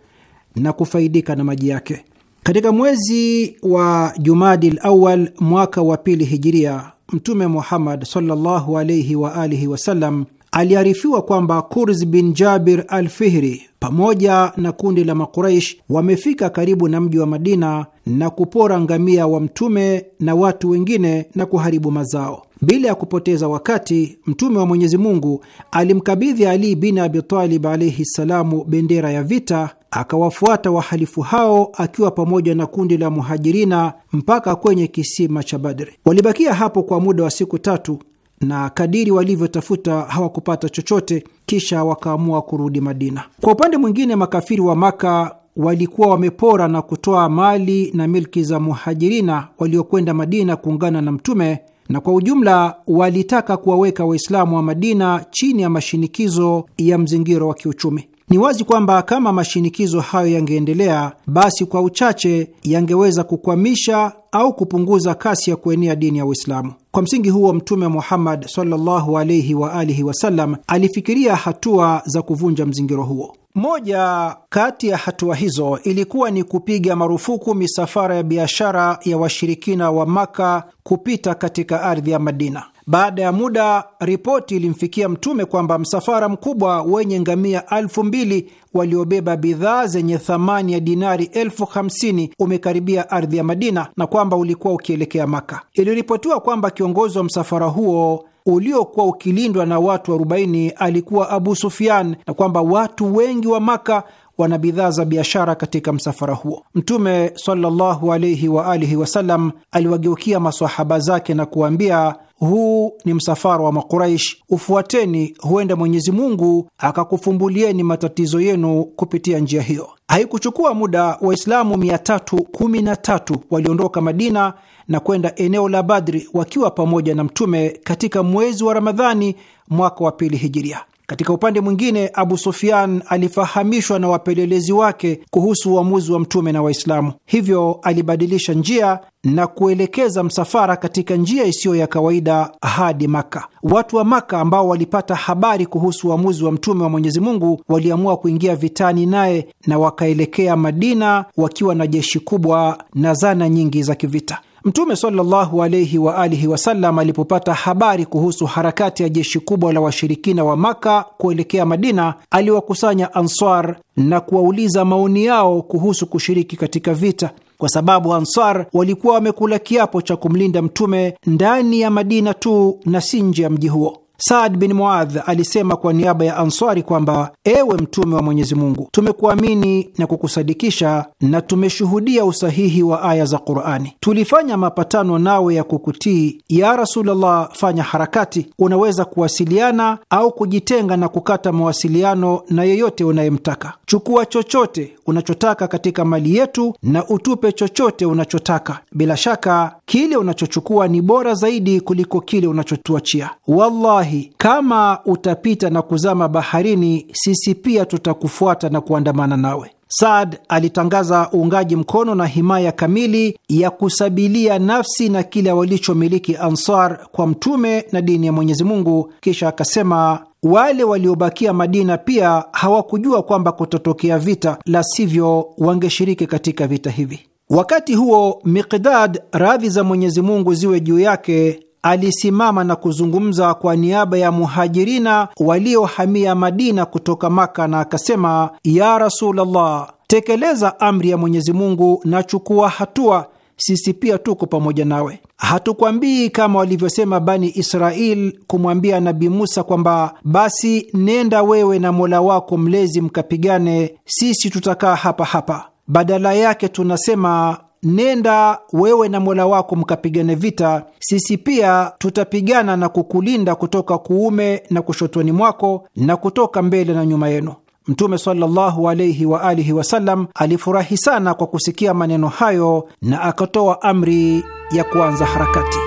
na kufaidika na maji yake. Katika mwezi wa Jumadil Awal mwaka wa pili hijiria, Mtume Muhammad sallallahu alaihi wa alihi wasallam aliarifiwa kwamba Kurz bin Jabir al Fihri pamoja na kundi la Makuraish wamefika karibu na mji wa Madina na kupora ngamia wa Mtume na watu wengine na kuharibu mazao. Bila ya kupoteza wakati, Mtume wa Mwenyezi Mungu alimkabidhi Ali bin abitalib alaihi ssalamu bendera ya vita, akawafuata wahalifu hao akiwa pamoja na kundi la Muhajirina mpaka kwenye kisima cha Badri. Walibakia hapo kwa muda wa siku tatu na kadiri walivyotafuta hawakupata chochote, kisha wakaamua kurudi Madina. Kwa upande mwingine, makafiri wa Maka walikuwa wamepora na kutoa mali na milki za muhajirina waliokwenda Madina kuungana na Mtume, na kwa ujumla walitaka kuwaweka Waislamu wa Madina chini ya mashinikizo ya mzingiro wa kiuchumi. Ni wazi kwamba kama mashinikizo hayo yangeendelea, basi kwa uchache yangeweza kukwamisha au kupunguza kasi ya kuenea dini ya Uislamu. Kwa msingi huo, Mtume Muhammad sallallahu alaihi wa alihi wasallam alifikiria hatua za kuvunja mzingiro huo. Moja kati ya hatua hizo ilikuwa ni kupiga marufuku misafara ya biashara ya washirikina wa Maka kupita katika ardhi ya Madina. Baada ya muda, ripoti ilimfikia Mtume kwamba msafara mkubwa wenye ngamia elfu mbili waliobeba bidhaa zenye thamani ya dinari elfu hamsini umekaribia ardhi ya Madina na kwamba ulikuwa ukielekea Maka. Iliripotiwa kwamba kiongozi wa msafara huo uliokuwa ukilindwa na watu 40 alikuwa Abu Sufyan na kwamba watu wengi wa Maka wana bidhaa za biashara katika msafara huo. Mtume sallallahu alayhi wa alihi wasallam aliwageukia masahaba zake na kuwaambia huu ni msafara wa Makuraish, ufuateni, huenda Mwenyezi Mungu akakufumbulieni matatizo yenu kupitia njia hiyo. Haikuchukua muda, Waislamu 313 waliondoka Madina na kwenda eneo la Badri wakiwa pamoja na Mtume katika mwezi wa Ramadhani mwaka wa pili hijiria. Katika upande mwingine, Abu Sufyan alifahamishwa na wapelelezi wake kuhusu uamuzi wa Mtume na Waislamu, hivyo alibadilisha njia na kuelekeza msafara katika njia isiyo ya kawaida hadi Maka. Watu wa Maka ambao walipata habari kuhusu uamuzi wa Mtume wa Mwenyezi Mungu waliamua kuingia vitani naye na wakaelekea Madina wakiwa na jeshi kubwa na zana nyingi za kivita. Mtume sallallahu alaihi wa alihi wasallam alipopata habari kuhusu harakati ya jeshi kubwa la washirikina wa Maka kuelekea Madina, aliwakusanya Ansar na kuwauliza maoni yao kuhusu kushiriki katika vita, kwa sababu Ansar walikuwa wamekula kiapo cha kumlinda Mtume ndani ya Madina tu na si nje ya mji huo. Saad bin Muadh alisema kwa niaba ya Answari kwamba ewe Mtume wa Mwenyezi Mungu, tumekuamini na kukusadikisha na tumeshuhudia usahihi wa aya za Qurani. Tulifanya mapatano nawe ya kukutii ya Rasulullah. Fanya harakati, unaweza kuwasiliana au kujitenga na kukata mawasiliano na yeyote unayemtaka. Chukua chochote unachotaka katika mali yetu na utupe chochote unachotaka. Bila shaka kile unachochukua ni bora zaidi kuliko kile unachotuachia. Wallahi, Wallahi, kama utapita na kuzama baharini, sisi pia tutakufuata na kuandamana nawe. Saad alitangaza uungaji mkono na himaya kamili ya kusabilia nafsi na kile walichomiliki Ansar kwa Mtume na dini ya Mwenyezi Mungu. Kisha akasema wale waliobakia Madina pia hawakujua kwamba kutatokea vita, la sivyo wangeshiriki katika vita hivi. Wakati huo Miqdad, radhi za Mwenyezi Mungu ziwe juu yake, alisimama na kuzungumza kwa niaba ya Muhajirina waliohamia Madina kutoka Maka na akasema, ya Rasulullah, tekeleza amri ya Mwenyezi Mungu na chukua hatua sisi pia tuko pamoja nawe. Hatukwambii kama walivyosema Bani Israel kumwambia Nabi Musa kwamba basi nenda wewe na Mola wako mlezi mkapigane, sisi tutakaa hapa hapa. Badala yake tunasema nenda wewe na Mola wako mkapigane vita, sisi pia tutapigana na kukulinda kutoka kuume na kushotoni mwako na kutoka mbele na nyuma yenu. Mtume sallallahu alayhi wa alihi wasallam alifurahi sana kwa kusikia maneno hayo na akatoa amri ya kuanza harakati.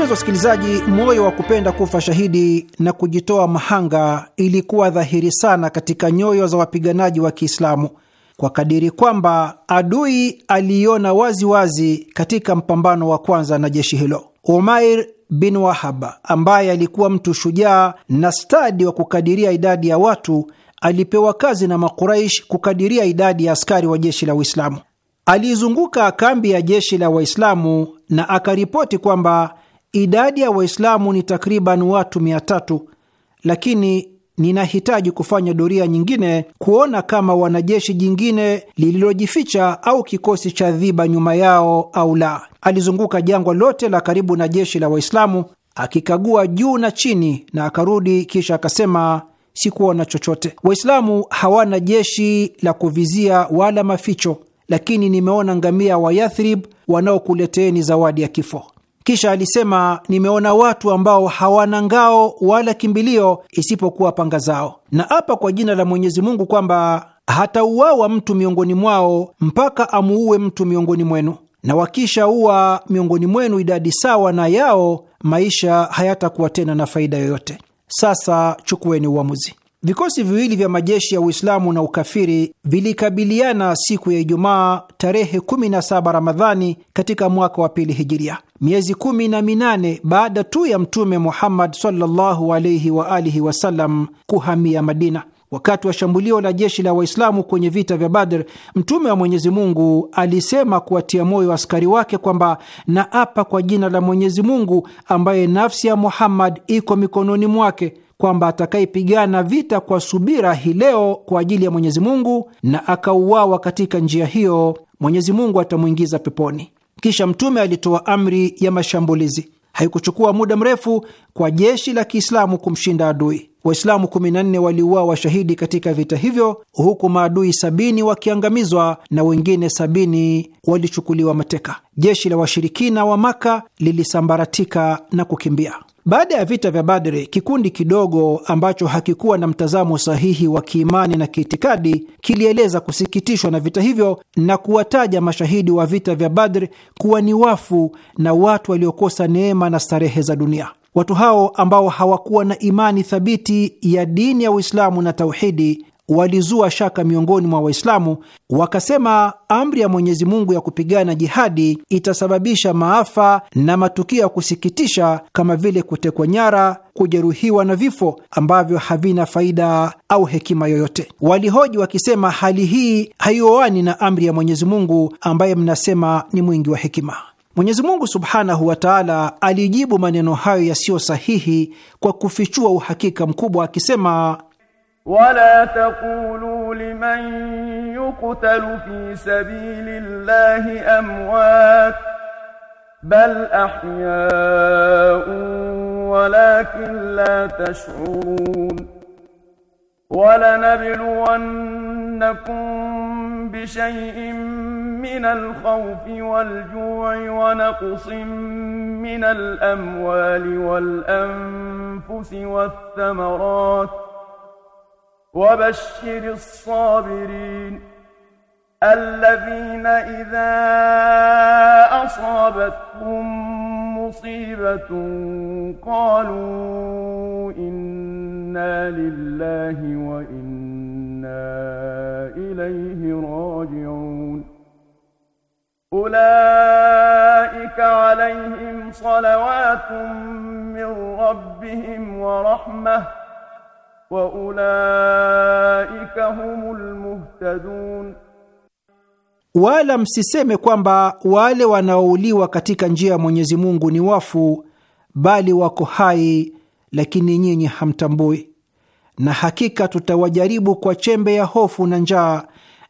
Wapenzi wasikilizaji, moyo wa kupenda kufa shahidi na kujitoa mahanga ilikuwa dhahiri sana katika nyoyo za wapiganaji wa Kiislamu kwa kadiri kwamba adui aliiona wazi wazi katika mpambano wa kwanza na jeshi hilo. Umair bin Wahab ambaye alikuwa mtu shujaa na stadi wa kukadiria idadi ya watu, alipewa kazi na Makuraish kukadiria idadi ya askari wa jeshi la Uislamu. Aliizunguka kambi ya jeshi la Waislamu na akaripoti kwamba Idadi ya Waislamu ni takriban watu mia tatu, lakini ninahitaji kufanya doria nyingine kuona kama wanajeshi jingine lililojificha au kikosi cha dhiba nyuma yao au la. Alizunguka jangwa lote la karibu na jeshi la Waislamu akikagua juu na chini na akarudi, kisha akasema sikuona chochote. Waislamu hawana jeshi la kuvizia wala maficho, lakini nimeona ngamia wa Yathrib wanaokuleteeni zawadi ya kifo. Kisha alisema, nimeona watu ambao hawana ngao wala kimbilio isipokuwa panga zao, na hapa kwa jina la Mwenyezi Mungu kwamba hatauawa mtu miongoni mwao mpaka amuue mtu miongoni mwenu, na uwa miongoni mwenu idadi sawa na yao, maisha hayatakuwa tena na faida yoyote. Sasa chukueni uamuzi. Vikosi viwili vya majeshi ya Uislamu na ukafiri vilikabiliana siku ya Ijumaa tarehe 17 Ramadhani katika mwaka wa pili hijiria, miezi kumi na minane baada tu ya Mtume Muhammad sallallahu alaihi wa alihi wasallam kuhamia Madina. Wakati wa shambulio la jeshi la Waislamu kwenye vita vya Badr, Mtume wa Mwenyezi Mungu alisema kuwatia moyo askari wake kwamba, na apa kwa jina la Mwenyezi Mungu ambaye nafsi ya Muhammad iko mikononi mwake kwamba atakayepigana vita kwa subira hii leo kwa ajili ya Mwenyezi Mungu na akauawa katika njia hiyo, Mwenyezi Mungu atamwingiza peponi. Kisha Mtume alitoa amri ya mashambulizi. Haikuchukua muda mrefu kwa jeshi la Kiislamu kumshinda adui. Waislamu 14 waliuawa washahidi katika vita hivyo, huku maadui sabini wakiangamizwa na wengine sabini walichukuliwa mateka. Jeshi la washirikina wa Maka lilisambaratika na kukimbia. Baada ya vita vya Badri, kikundi kidogo ambacho hakikuwa na mtazamo sahihi wa kiimani na kiitikadi kilieleza kusikitishwa na vita hivyo na kuwataja mashahidi wa vita vya Badri kuwa ni wafu na watu waliokosa neema na starehe za dunia. Watu hao ambao hawakuwa na imani thabiti ya dini ya Uislamu na tauhidi walizua shaka miongoni mwa Waislamu, wakasema amri ya Mwenyezi Mungu ya kupigana jihadi itasababisha maafa na matukio ya kusikitisha kama vile kutekwa nyara, kujeruhiwa na vifo ambavyo havina faida au hekima yoyote. Walihoji wakisema, hali hii haioani na amri ya Mwenyezi Mungu ambaye mnasema ni mwingi wa hekima. Mwenyezi Mungu subhanahu wa taala alijibu maneno hayo yasiyo sahihi kwa kufichua uhakika mkubwa akisema ولا تقولوا لمن يقتل في سبيل الله أموات بل أحياء ولكن لا تشعرون ولنبلونكم بشيء من الخوف والجوع ونقص من الأموال والأنفس والثمرات ۖ وبشر الصابرين الذين إذا أصابتهم مصيبة قالوا إنا لله وإنا إليه راجعون أولئك عليهم صلوات من ربهم ورحمه waulaika humul muhtadun, wala msiseme kwamba wale wanaouliwa katika njia ya Mwenyezi Mungu ni wafu, bali wako hai, lakini nyinyi hamtambui. Na hakika tutawajaribu kwa chembe ya hofu na njaa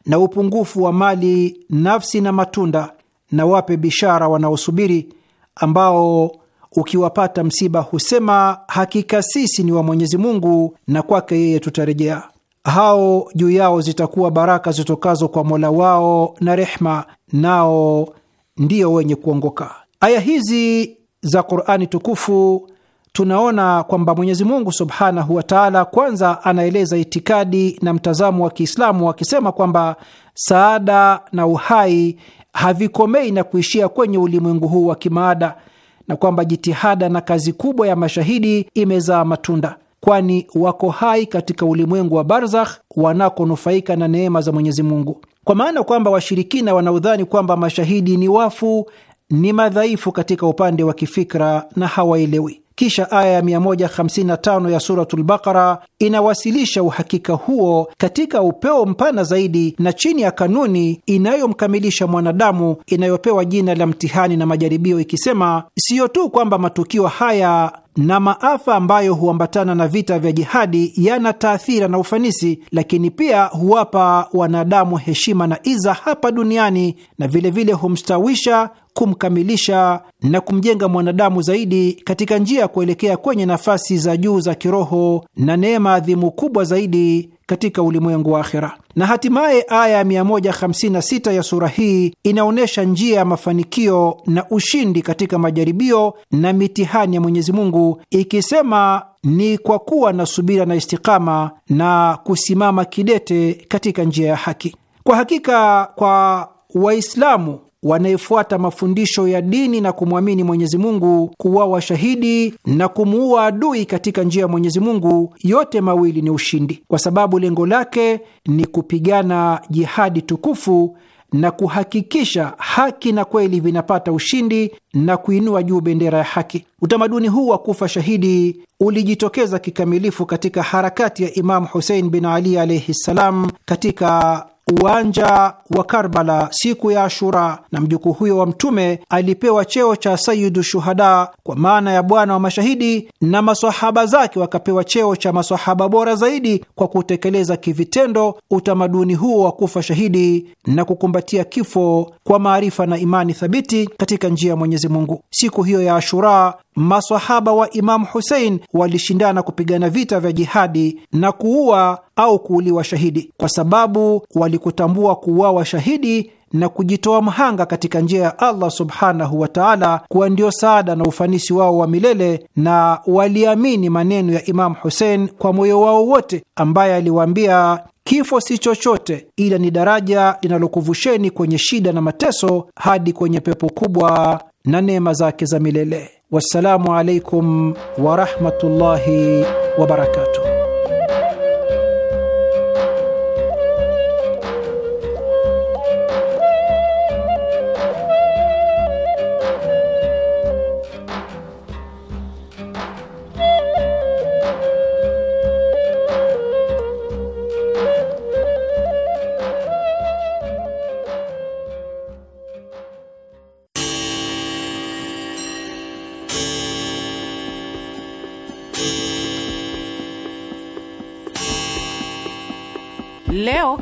na upungufu wa mali, nafsi na matunda, na wape bishara wanaosubiri ambao ukiwapata msiba husema, hakika sisi ni wa Mwenyezi Mungu na kwake yeye tutarejea. Hao juu yao zitakuwa baraka zitokazo kwa Mola wao na rehma, nao ndio wenye kuongoka. Aya hizi za Qur'ani tukufu tunaona kwamba Mwenyezi Mungu Subhanahu wa Ta'ala kwanza anaeleza itikadi na mtazamo wa Kiislamu akisema kwamba saada na uhai havikomei na kuishia kwenye ulimwengu huu wa kimaada na kwamba jitihada na kazi kubwa ya mashahidi imezaa matunda, kwani wako hai katika ulimwengu wa barzakh wanakonufaika na neema za Mwenyezi Mungu, kwa maana kwamba washirikina wanaodhani kwamba mashahidi ni wafu ni madhaifu katika upande wa kifikra na hawaelewi. Kisha aya ya 155 ya Suratul Bakara inawasilisha uhakika huo katika upeo mpana zaidi na chini ya kanuni inayomkamilisha mwanadamu inayopewa jina la mtihani na majaribio, ikisema siyo tu kwamba matukio haya na maafa ambayo huambatana na vita vya jihadi yana taathira na ufanisi, lakini pia huwapa wanadamu heshima na iza hapa duniani na vilevile humstawisha kumkamilisha na kumjenga mwanadamu zaidi katika njia ya kuelekea kwenye nafasi za juu za kiroho na neema adhimu kubwa zaidi katika ulimwengu wa akhira. Na hatimaye aya ya 156 ya sura hii inaonyesha njia ya mafanikio na ushindi katika majaribio na mitihani ya Mwenyezi Mungu ikisema, ni kwa kuwa na subira na istikama na kusimama kidete katika njia ya haki. Kwa hakika kwa Waislamu wanayefuata mafundisho ya dini na kumwamini Mwenyezi Mungu kuwawa shahidi na kumuua adui katika njia ya Mwenyezi Mungu, yote mawili ni ushindi, kwa sababu lengo lake ni kupigana jihadi tukufu na kuhakikisha haki na kweli vinapata ushindi na kuinua juu bendera ya haki. Utamaduni huu wa kufa shahidi ulijitokeza kikamilifu katika harakati ya Imamu Husein bin Ali alaihi ssalam katika uwanja wa Karbala siku ya Ashura, na mjukuu huyo wa Mtume alipewa cheo cha Sayyidu Shuhada kwa maana ya bwana wa mashahidi, na masahaba zake wakapewa cheo cha masahaba bora zaidi kwa kutekeleza kivitendo utamaduni huo wa kufa shahidi na kukumbatia kifo kwa maarifa na imani thabiti katika njia ya Mwenyezi Mungu. Siku hiyo ya Ashura maswahaba wa Imamu Husein walishindana kupigana vita vya jihadi na kuua au kuuliwa shahidi, kwa sababu walikutambua kuuawa shahidi na kujitoa mhanga katika njia ya Allah subhanahu wa taala kuwa ndio saada na ufanisi wao wa milele, na waliamini maneno ya Imamu Husein kwa moyo wao wote, ambaye aliwaambia Kifo si chochote ila ni daraja linalokuvusheni kwenye shida na mateso hadi kwenye pepo kubwa na neema zake za milele. Wassalamu alaikum warahmatullahi wabarakatuh.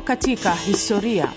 katika historia.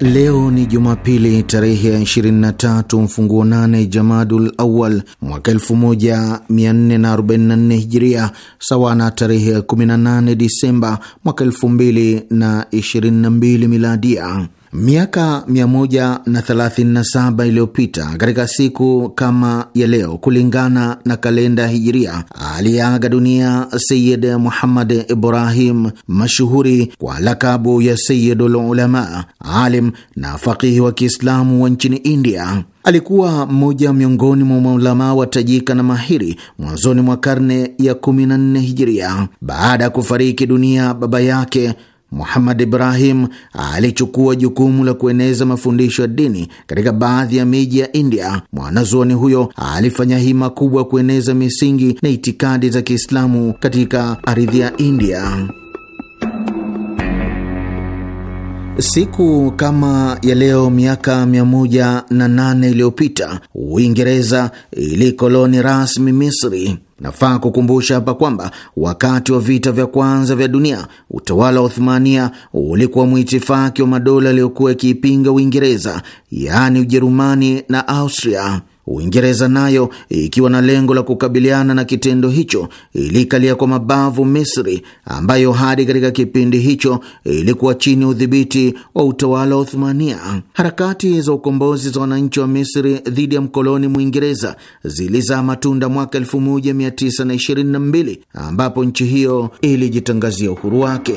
Leo ni Jumapili tarehe ya 23 mfunguo nane Jamadul Awal mwaka 1444 Hijiria, sawa na tarehe ya 18 Disemba mwaka 2022 Miladia. Miaka 137 iliyopita katika siku kama ya leo, kulingana na kalenda Hijiria, aliaga dunia Sayid Muhammad Ibrahim, mashuhuri kwa lakabu ya Sayidul Ulama, alim na faqihi wa Kiislamu wa nchini India. Alikuwa mmoja miongoni mwa maulamaa tajika na mahiri mwanzoni mwa karne ya 14 Hijiria. Baada ya kufariki dunia baba yake Muhammad Ibrahim alichukua jukumu la kueneza mafundisho ya dini katika baadhi ya miji ya India. Mwanazuoni huyo alifanya hima kubwa kueneza misingi na itikadi za Kiislamu katika ardhi ya India. Siku kama ya leo miaka 18 iliyopita Uingereza ilikoloni rasmi Misri. Nafaa kukumbusha hapa kwamba wakati wa vita vya kwanza vya dunia utawala wa Uthmania ulikuwa mwitifaki wa madola yaliyokuwa yakiipinga Uingereza, yaani Ujerumani na Austria. Uingereza nayo ikiwa na lengo la kukabiliana na kitendo hicho ilikalia kwa mabavu Misri ambayo hadi katika kipindi hicho ilikuwa chini ya udhibiti wa utawala wa Uthmania. Harakati za ukombozi za wananchi wa Misri dhidi ya mkoloni Mwingereza zilizaa matunda mwaka 1922 ambapo nchi hiyo ilijitangazia uhuru wake.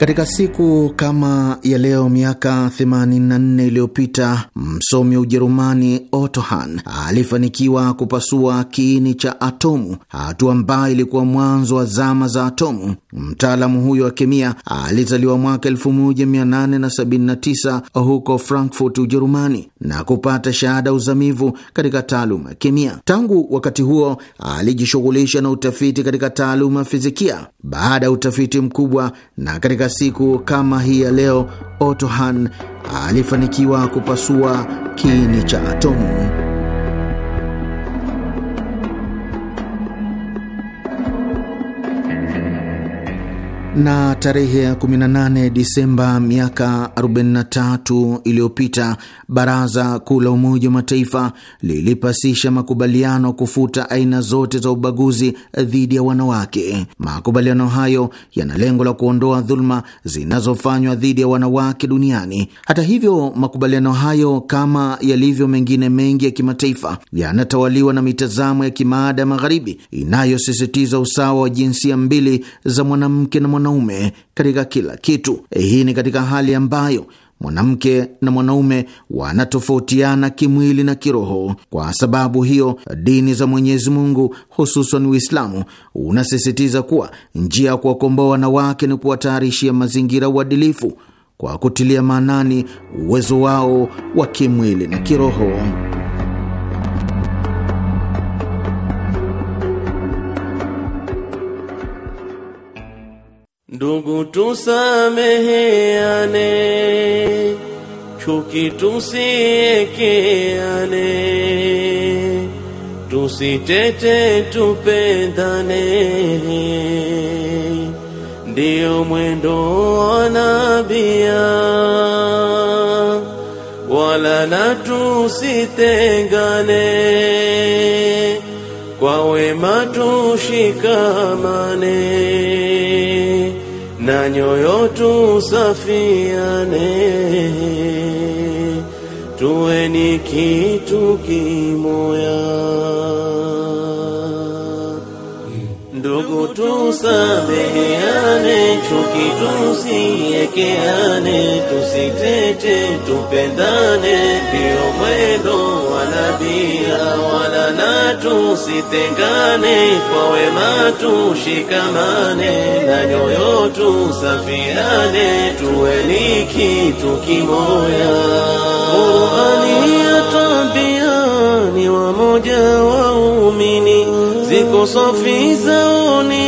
Katika siku kama ya leo miaka 84 iliyopita msomi wa Ujerumani Otto Hahn alifanikiwa kupasua kiini cha atomu, hatua ambayo ilikuwa mwanzo wa zama za atomu. Mtaalamu huyo wa kemia alizaliwa mwaka 1879 huko Frankfurt, Ujerumani, na kupata shahada uzamivu katika taaluma ya kemia. Tangu wakati huo alijishughulisha na utafiti katika taaluma ya fizikia. Baada ya utafiti mkubwa na katika katika siku kama hii ya leo, Otto Hahn alifanikiwa kupasua kiini cha atomu. na tarehe ya 18 Disemba miaka 43 iliyopita Baraza Kuu la Umoja wa Mataifa lilipasisha makubaliano kufuta aina zote za ubaguzi dhidi ya wanawake. Makubaliano hayo yana lengo la kuondoa dhuluma zinazofanywa dhidi ya wanawake duniani. Hata hivyo, makubaliano hayo kama yalivyo mengine mengi ya kimataifa yanatawaliwa na mitazamo ya kimaada ya Magharibi inayosisitiza usawa wa jinsia mbili za mwanamke na mwanamke mwanaume katika kila kitu. Eh, hii ni katika hali ambayo mwanamke na mwanaume wanatofautiana kimwili na kiroho. Kwa sababu hiyo, dini za Mwenyezi Mungu, hususan Uislamu, unasisitiza kuwa njia ya kuwakomboa wanawake ni kuwatayarishia mazingira uadilifu kwa kutilia maanani uwezo wao wa kimwili na kiroho. Ndugu, tusameheane, chuki tusiekeane, tusitete, tupendane, ndiyo mwendo wa nabia, wala na tusitengane, kwa wema tushikamane na nyoyo tusafiane, tuwe ni kitu kimoya. Ndugu tusameheane, chuki tusiekeane, tusitete, tupendane, ndio mwendo wa nabia wala na tusitengane, kwa wema tushikamane, na nyoyo tusafiane, tuwe ni kitu kimoya. Qurani yatambia ni wamoja waumini, ziko safi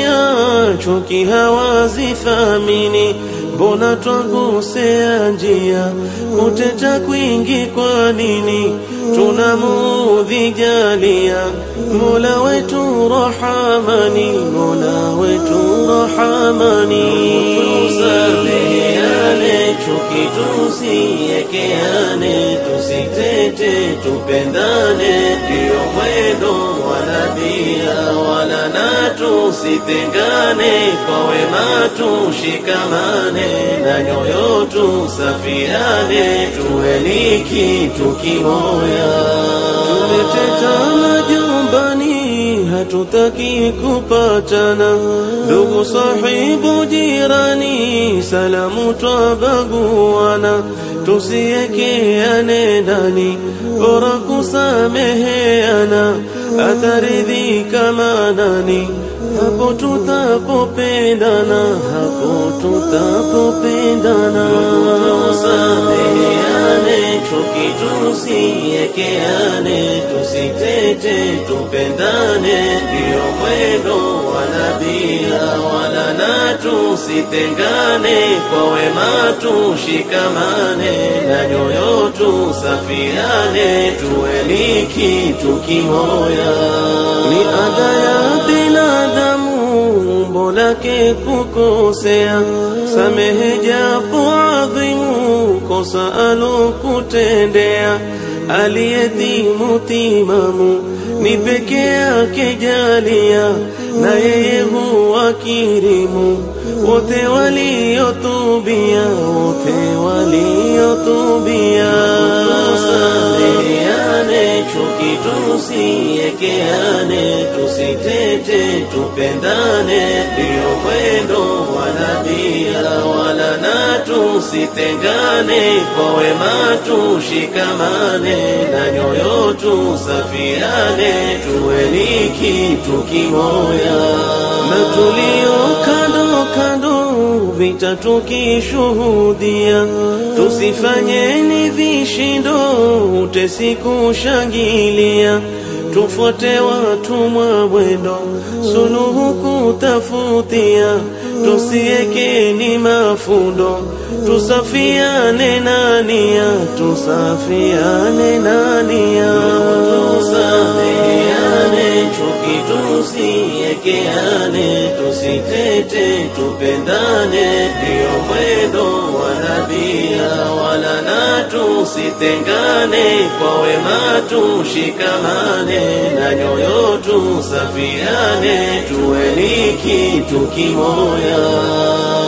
ya chuki hawazithamini. Mbona twagusea njia, kuteta kwingi kwa nini? tunamudhija lia Mola wetu rahamani, Mola wetu rahamani, tusameheane chuki, tusiekeane, tusitete, tupendane, ndiyo mwendo wanabia wala na tusitengane, kwa wema tushikamane, na nyoyo tusafiane, tuwe ni kitu kimoya. tumetetana jumbani, hatutaki kupatana. Ndugu sahibu jirani, salamu twabaguana, tusiekeane ndani, bora kusameheana, ataridhi kama nani hapo tutapopendana, hapo tutapopendana, tusameheane, chuki tusiekeane, tusitete, tupendane, ndiyo mwendo wa nabia wala na tusitengane, kwa wema tushikamane, na nyoyo tusafiane, tuwe liki tukimoya, ni ada ya tumbo lake kukosea, samehe japo adhimu kosa alokutendea. Aliyetimu timamu ni peke yake jalia, na yeye huwa kirimu. Wote waliotubia, wote waliotubia, tusameheane chuki tusiye tusichekeane, tusitete, tupendane, ndio mwendo wa Nabia wala na tusitengane, kwa wema tushikamane, na nyoyo tusafiane, tuweni kitu kimoya na tulio kando kando vita tukishuhudia, tusifanyeni vishindo, ute sikushangilia tufuate watumwa mwendo, suluhu kutafutia, tusiekeni mafundo tusafiane na nia, tusafiane na tusafiane chuki tusiekeane, tusitete tupendane, ndiyo mwendo wa nabia, wala na tusitengane, kwa wema tushikamane, na nyoyo tusafiane, tuwe ni kitu kimoya.